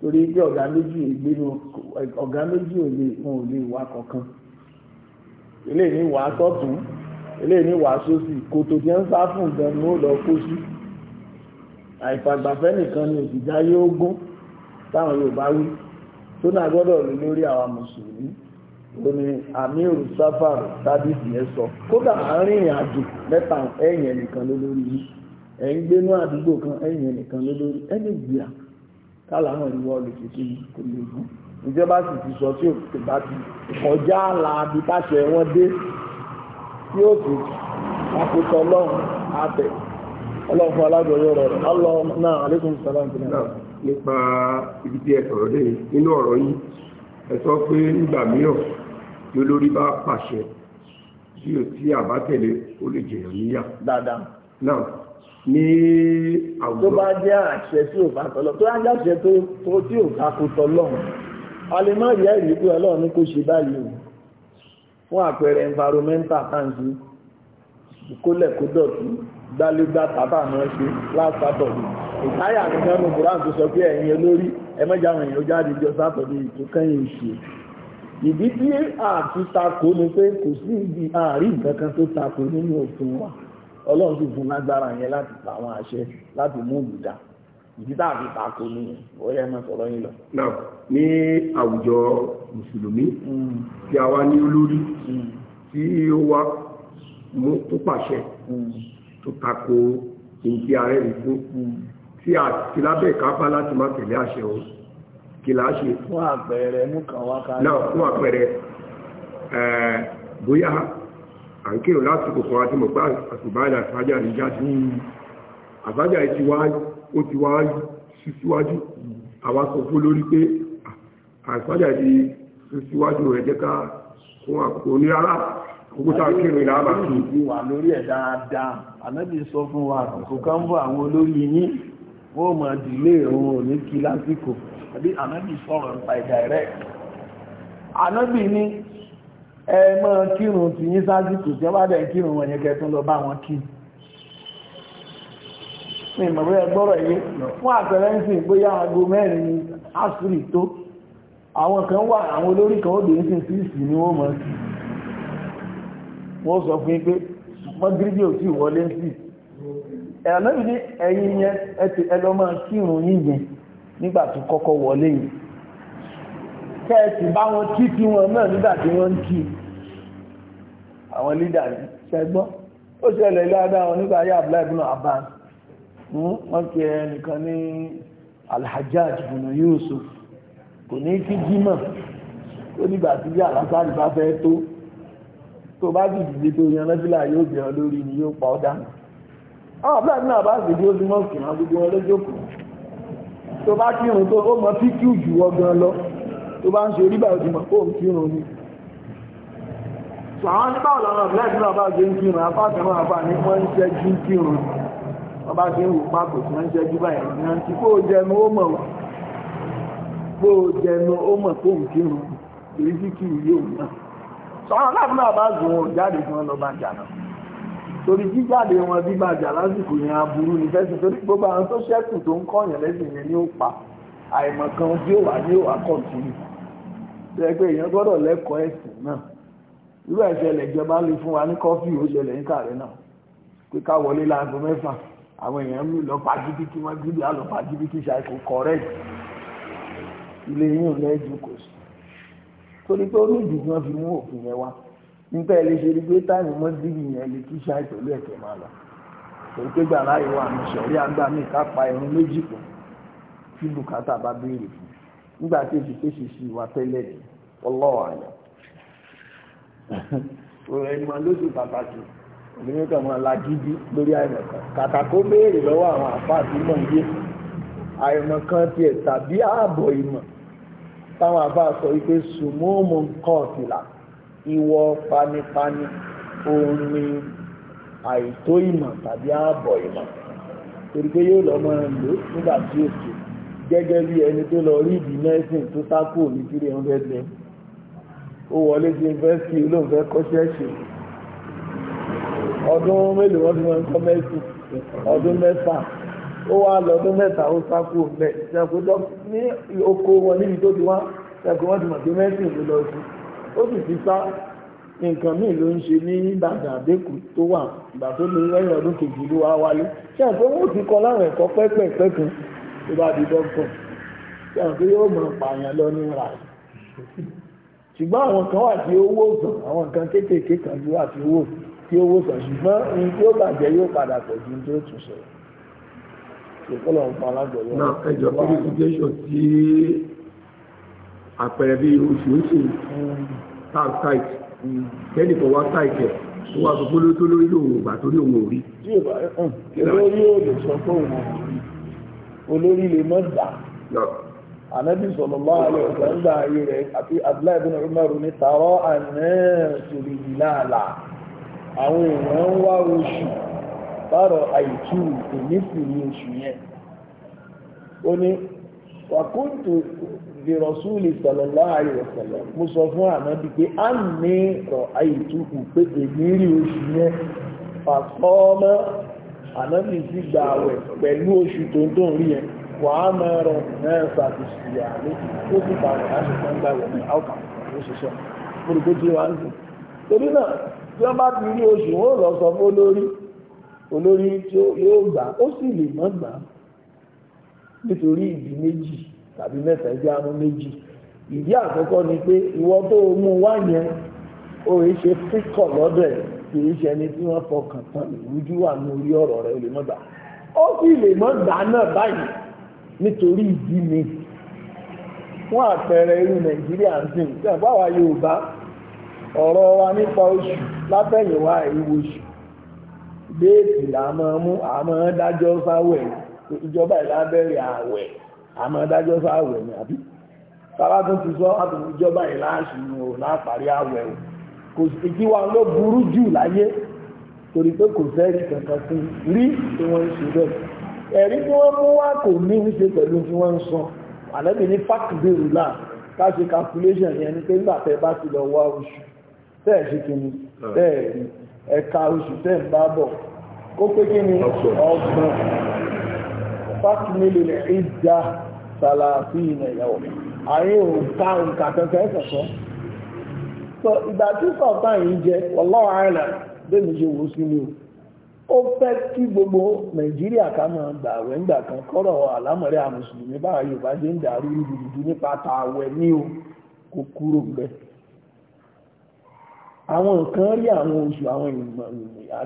torí pé ọ̀gá méjì ìgbénu ọ̀gá méjì ò lè wọn ò lè kankan eléyìí ní wàá sọ́tún eléyìí ní wàá sósì kòtò tí ń sá fún gan ni ó lọ kó sí àìfàgbàfẹ́ nìkan ni òsìjá yóò gún táwọn Yorùbá wí tó náà gbọ́dọ̀ rí lórí sọ kódà àjò mẹ́ta ẹ̀yìn ló lórí yìí ẹ̀ ń àdúgbò kan ẹ̀yìn ló lórí kálámọ̀ ìwọ olùsèké kò lè mú ìjọba sì ti sọ tí òkè bá ti kọjá àlà àbíkáṣẹ wọn dé tí ó sì àkótọ ọlọ́run àtẹ ọlọ́run fún alágbọ̀yọ́ rẹ̀ ọlọ́run náà alaikum salam fún ẹ̀rọ. nípa ibi tí ẹ sọ̀rọ̀ dé nínú ọ̀rọ̀ yìí ẹ sọ pé nígbà mìíràn tí olórí bá pàṣẹ tí ò sí àbátẹ̀lé ó lè jẹ̀yàn níyà. dáadáa. náà ní àwùjọ. tó bá jẹ́ àṣẹ tí ò bá tọ́lọ́ tó bá jẹ́ àṣẹ tó tí ò bá kó tọ́lọ́ a lè má yẹ ìrí pé ọlọ́run ní kó ṣe báyìí o fún àpẹẹrẹ environmental tanzi ìkólẹ̀ kó dọ̀tí gbálégbá tàbá máa ṣe last Saturday ìtáyà nìkan ní buran tó sọ pé ẹ̀yin olórí ẹmẹ́jà àwọn èèyàn jáde jọ Saturday tó kẹ́yìn ìṣe ìdí tí àti takò ni pé kò sí ibi àárín nǹkan kan tó takò nínú òfin wa ọlọ́run sì fún lágbára yẹn láti pa àwọn àṣẹ láti mú ìlúdà ìdí tàbí tako ní ọ̀rẹ́ ẹ̀mọ́ sọ̀rọ̀ yìí lọ. náà ní àwùjọ mùsùlùmí mm. tí a wá ní olórí mm. tí ó wá mú tó pàṣẹ mm. tó tako ìdí ààrẹ rẹ̀ fún tí a ti lábẹ́ ìkápá láti má tẹ̀lé àṣẹ o kí là á ṣe. fún àpẹẹrẹ mú kàn wá kárí. náà fún àpẹẹrẹ bóyá àìkèrò lásìkò sọ àti mọ̀ pé àṣùbáyà àṣájà rí jáde àṣájà ti wá síwájú àwa sọ fún lórí pé àṣájà ti síwájú rẹ̀ jẹ́ ká fún àkókò onírárá òkúta kírun ìlà àbá wa kò kán bọ̀ àwọn olórí yín wọ́n mọ̀ dìlé òun ò ní kí lásìkò e mọ́ kírun tí yín sásìkò tí bá dẹ̀ kírun wọn yẹn kẹtún lọ bá wọn kí ní ìmọ̀wé ẹgbọ́rọ̀ yìí fún àpẹrẹǹsì bóyá aago mẹ́rin ní asiri tó àwọn kan wà àwọn olórí kan ó dé sí síìsì ni mọ̀ sí wọ́n sọ fún pé wọlé sí kẹ́ẹ̀sì bá wọn kí kí wọn náà nígbà tí wọ́n ń kí àwọn lídà ṣẹgbọ́n ó ṣẹlẹ̀ ládá wọn nígbà ayé Abdullahi ibn Abbas hmm? wọ́n kí ẹnìkan ní Al-Hajjaj ibn Yusuf kò ní kí jímọ̀ ó nígbà tí bí alásàrì bá fẹ́ tó tó bá sì dìde tó yan lẹ́fílà yóò bẹ̀ ọ lórí ni yóò pa ọ́ dànù àwọn Abdullahi ibn Abbas sì dúró sí mọ́ọ̀kì náà gbogbo wọn lójókòó tó bá kírun tó ó mọ fíkì jù wọ́n gan lọ tó bá ń ṣe orí báyìí mọ̀ kó ń kírun ní àwọn nípa ọ̀lọ́rọ̀ lẹ́gbẹ̀ẹ́ bàbá ṣe ń kírun apákan àbá ní wọ́n ń ṣẹ́jú kírun ọba ṣe ń wù pákò tí wọ́n ń ṣẹ́jú báyìí rántí kó jẹnu ó mọ̀ kó jẹnu ó mọ̀ kó ń kírun èyí sì kí ìlú òun náà sọ̀rọ̀ láàbùnà bá zùn wọn jáde fún ọlọ́ba jàná torí jíjáde wọn bíbá jà lásìkò yẹn aburú ní fẹ́sìn torí gbogbo àwọn tó ṣẹ́kù tó ń kọ́yàn lẹ́sìn ní ó pa àìmọ̀kan tí ó wà ní ó wà kọ̀ọ̀tún jẹ́ pé èèyàn gbọ́dọ̀ lẹ́kọ̀ọ́ ẹ̀sìn náà irú ẹ̀ṣẹ̀lẹ̀ ìjọba lè fún wa ní kọ́fì ó ṣẹlẹ̀ ní kàrẹ́ náà pé ká wọlé láago mẹ́fà àwọn èèyàn mú lọ pàjìbìtì wọn gbìbì á lọ pàjìbìtì ṣàìkò kọ̀rẹ́ẹ̀tì ilé yìí ń lẹ́jù kò sí torí pé onídìí wọn fi mú òfin yẹn wá níta ẹ lè ṣe rí pé táyì mọ́ dìbì yẹn lè kí ṣáì pẹ̀lú ẹ̀kẹ́ máa lọ torí pé gbàrá ìwà àmì ṣẹ̀rí àgbà mi ká pa ẹ̀rùn méjì pọ̀ nígbà tí èsì pé ṣìṣì wà tẹ́lẹ̀ ní ọlọ́wọ́ àyà òrò ẹni máa lóṣù pàtàkì obìnrin kan máa lagídí lórí àìmọ̀kan kàkàkó béèrè lọ́wọ́ àwọn àfáà tí mọ̀ ń yé àìmọ̀kan tiẹ̀ tàbí ààbọ̀ ìmọ̀ táwọn àfáà sọ wípé sùmọ́ọ̀mù kọ̀ọ̀tìlà ìwọ panipani òun ni àìtó ìmọ̀ tàbí ààbọ̀ ìmọ̀ torí pé yóò lọ́ máa lò nígbà tí ó kéde gẹ́gẹ́ bí ẹni tó lọ rí ìdí mẹ́sìn tó sápò ní three hundred naira ó wọlé sí yunifásitì olóòfẹ́ kọ́ṣẹ́ṣì ọdún mélòó wọ́n fi wọn kọ́ mẹ́sìn ọdún mẹ́fà ó wá lọ́dún mẹ́ta ó sápò mẹ́ ṣàkójọ ní oko wọn níbi tó ti wá ṣàkójọ wọn ti mọ̀ pé mẹ́sìn ló lọ sí ó sì ti sá nǹkan míì ló ń ṣe ní ìbàdàn àdékù tó wà ìgbà tó lórí lẹ́yìn ọdún kejì ló wá wálé ṣàkójọ wọn ò ti kọ láwọn ẹ̀kọ́ pẹ́pẹ́pẹ́ kan tó bá di dọ́kọ̀ tí àwọn tó yóò mọ̀ pààyàn lọ ní ra rẹ̀ ṣùgbọ́n àwọn kan wà tí owó sàn àwọn nǹkan kéékèèké kan tí wà tí owó tí owó sàn ṣùgbọ́n ohun tí ó bàjẹ́ yóò padà pọ̀ ju tí ó tún sọ ìpínlẹ̀ ọ̀pá alágbèrè. náà ẹjọ́ purification tí àpẹẹrẹ bí oṣù oṣù tag tight kẹ́nìkan wá tight ẹ̀ tó wà tó gbólótó lórí òun ìgbà torí òun ò rí. tí ò bá rí òun lè sọ fún òun olórí lè mọ́ gbà ànábì sallallahu alaihi wasallam gba ayé rẹ̀ àti Abdullahi ibn Umar ní tààrọ́ àná sòrì ìlàlà àwọn èèyàn ń wá oṣù bárọ̀ àìtú èmi sì ní oṣù yẹn ó ní wàkúntù bí rọ̀súlì sallallahu alaihi wasallam mo sọ fún ànábì pé a ní rọ̀ àìtú pé èmi oṣù yẹn fàtọ́mọ́ ànábì sì gba àwẹ̀ pẹ̀lú oṣù tó ń dùn rí yẹn wà á mẹ́rọ náà ṣàtúnṣe àlẹ́ ó sì bá wẹ̀ láti fẹ́ ń gbà wẹ̀ ní àwùkà ó ṣiṣẹ́ olùkó tí wọ́n á ń sìn torí náà tí wọ́n bá ti rí oṣù wọn ò lọ sọ fún olórí olórí tí yóò gbà ó sì lè mọ́ gbà nítorí ìdí méjì tàbí mẹ́ta ẹgbẹ́ amú méjì ìdí àkọ́kọ́ ni pé ìwọ tó mú wá yẹn ó ṣe fíkọ̀ lọ́dọ̀ ẹ̀ kì í ṣe ẹni tí wọ́n fọkàn tán ìrújú wà ní orí ọ̀rọ̀ rẹ̀ ó lè ó sì lè má gbà náà báyìí nítorí ìdí mi fún àpẹẹrẹ irú nàìjíríà ń sìn tí àbáwá yorùbá ọ̀rọ̀ wa nípa oṣù látẹ̀yìnwá ìwò oṣù déètì là máa mú àmọ́ dájọ́ sáwẹ̀ ìjọba ìlábẹ́rẹ̀ àwẹ̀ àmọ́ dájọ́ sáwẹ̀ ni àbí sábà tún ti sọ àtúntò ìjọba ìláṣù lápàrí àwẹ̀ o kò sí kí wa ló burú jù láyé torí pé kò sẹ́ẹ̀rì kankan sí rí tí wọ́n ń ṣe bẹ́ẹ̀ ẹ̀rí tí wọ́n mú wá kò ní í ṣe pẹ̀lú tí wọ́n ń sọ àlẹ́bí ní fáàkì bèrè náà ká ṣe calculation yẹn ni pé nígbà tẹ́ bá ti lọ wá oṣù tẹ́ẹ̀ ṣe kí ni tẹ́ẹ̀ rí ẹ̀ka oṣù tẹ́ẹ̀ ń bá bọ̀ kó pé kí ni ọgbọ̀n fáàkì mélòó ìjà sàlàfíì nàìyàwó àárín òǹkà òǹkà kankan ẹ̀sọ̀ sọ ìgbà tí sọ̀tà yìí jẹ ọlọ́run àìlà bẹ́mìí ṣe wò sí ni ó fẹ́ kí gbogbo nàìjíríà ká máa gbà àwẹ̀ kan kọ́rọ̀ àlámọ̀rẹ́ àmùsùlùmí báwa ṣe ń dàrú rúdurùdu nípa ta ní o kò kúrò àwọn rí àwọn oṣù àwọn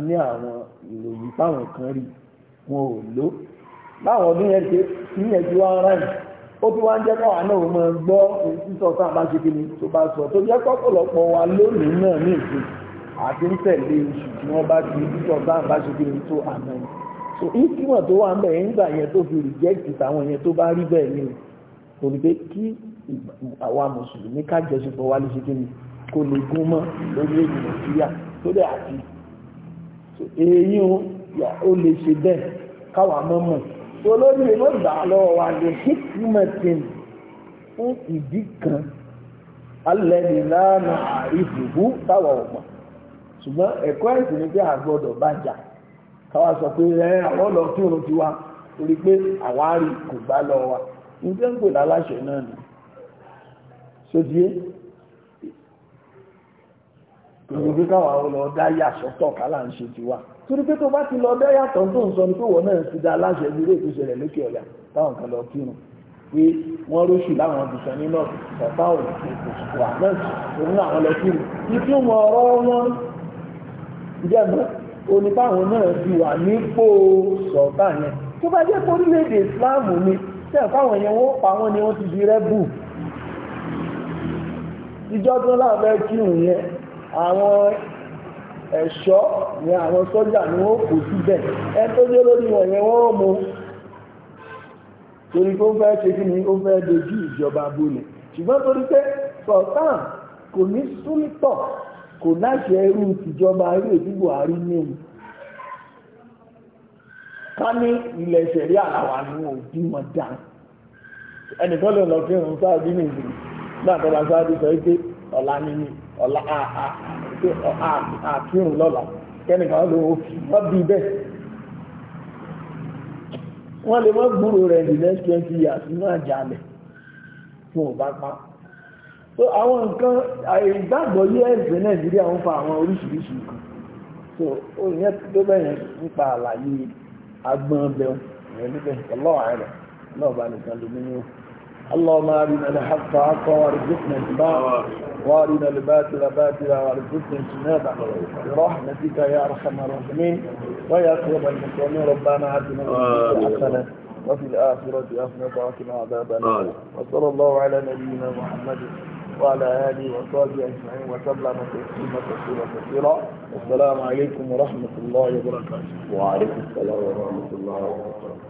ní àwọn ìròyìn táwọn kan rí wọn ò ó tún wá ń jẹ́ káwa náà mọ́ gbọ́ sísọ tá a bá ṣe kí ni tó bá sọ tó jẹ́ pọ́pọ̀lọpọ̀ wa lónìí náà ní ìsìn àti ń tẹ̀lé oṣù tí wọ́n bá ti sísọ tá ṣe kí ni tó àná yìí so ìkímọ̀ tó wà ń bẹ̀ ń gbà yẹn tó fi rìjẹ́kì táwọn yẹn tó bá rí bẹ́ẹ̀ ni kò ní pé kí àwa mùsùlùmí kájọṣepọ̀ wa lè ṣe kí ni kò lè gún mọ́ lórí èdè nàìjíríà tó dẹ̀ àti èyí ó lè ṣe bẹ́ẹ̀ káwa mọ́ mọ̀ olórí ló gbà lọ́wọ́ wa lè hikmatin fún ìdí kan alẹ́ni ìbùbú táwọn ọ̀pọ̀ ṣùgbọ́n ẹ̀kọ́ ẹ̀sìn ní pé bá jà sọ pé ẹ àwọn lọ kí oorun ti wa torí pé àwárí kò lọ wa ní torí pé tó bá ti lọ bẹ́ẹ̀ yàtọ̀ tó ń sọ ní pé wọ́n náà ti da aláṣẹ ìlú ètò ìṣẹ̀lẹ̀ lókè ọ̀yà táwọn kan lọ kírun pé wọ́n róṣù láwọn ibùsọ̀ nínú ọ̀pá òun kò àmọ́ òun làwọn lọ kírun ìtumọ̀ ọ̀rọ̀ wọn jẹ́mọ́ oníbàwọn náà ti wà nípò sọ̀tà yẹn tó bá jẹ́ pé orílẹ̀-èdè ìsìláàmù ni tẹ́ẹ̀fáwọn yẹn wọ́n pa wọ́n ni wọ́n ti di rẹ́bù ìjọ́dún láàbẹ̀ kírun yẹn àwọn ẹ̀ṣọ́ ni àwọn sọ́jà ni wọ́n kò síbẹ̀ ẹ tó dé lórí wọn yẹn wọ́n mú torí pé ó fẹ́ ṣe kí ni ó fẹ́ dojú ìjọba bolẹ̀ ṣùgbọ́n torí pé sọ̀tàn kò ní súnítọ̀ kò láṣẹ irú tìjọba irú èdè Buhari níhun ká ní ilẹ̀ ìṣẹ̀rí àlàwà ni wọn ò bí wọn dá ẹnìkan lè lọ fi hàn sáà bí nìyí náà tọ́lá sáà ti sọ pé ọ̀la nínú ọ̀la àà pé àkírun lọ́la kẹ́nìkan ló wọ́n bí bẹ́ẹ̀ wọ́n lè mọ́ gbúrò rẹ̀ the next twenty years nínú àjálẹ̀ fún ọba pa so àwọn nǹkan ìgbàgbọ́ us nàìjíríà ń fa àwọn oríṣiríṣi nǹkan so ó yẹn tó bẹ̀rẹ̀ nípa àlàyé agbọ́n bẹ́ẹ̀ rẹ̀ níbẹ̀ ọlọ́ọ̀ rẹ̀ lọ́ọ̀bá nìkan lómi ní òkú اللهم أرنا الحق حقا وارزقنا اتباعه وارنا الباطل باطلا وارزقنا اجتنابه برحمتك يا أرحم الراحمين ويا أكرم المسلمين ربنا آتنا حسنة وفي الآخرة أفنى وقنا عذاب النار وصلى الله على نبينا محمد وعلى آله وصحبه أجمعين وسلم تسليما كثيرا كثيرا والسلام عليكم ورحمة الله وبركاته وعليكم السلام ورحمة الله وبركاته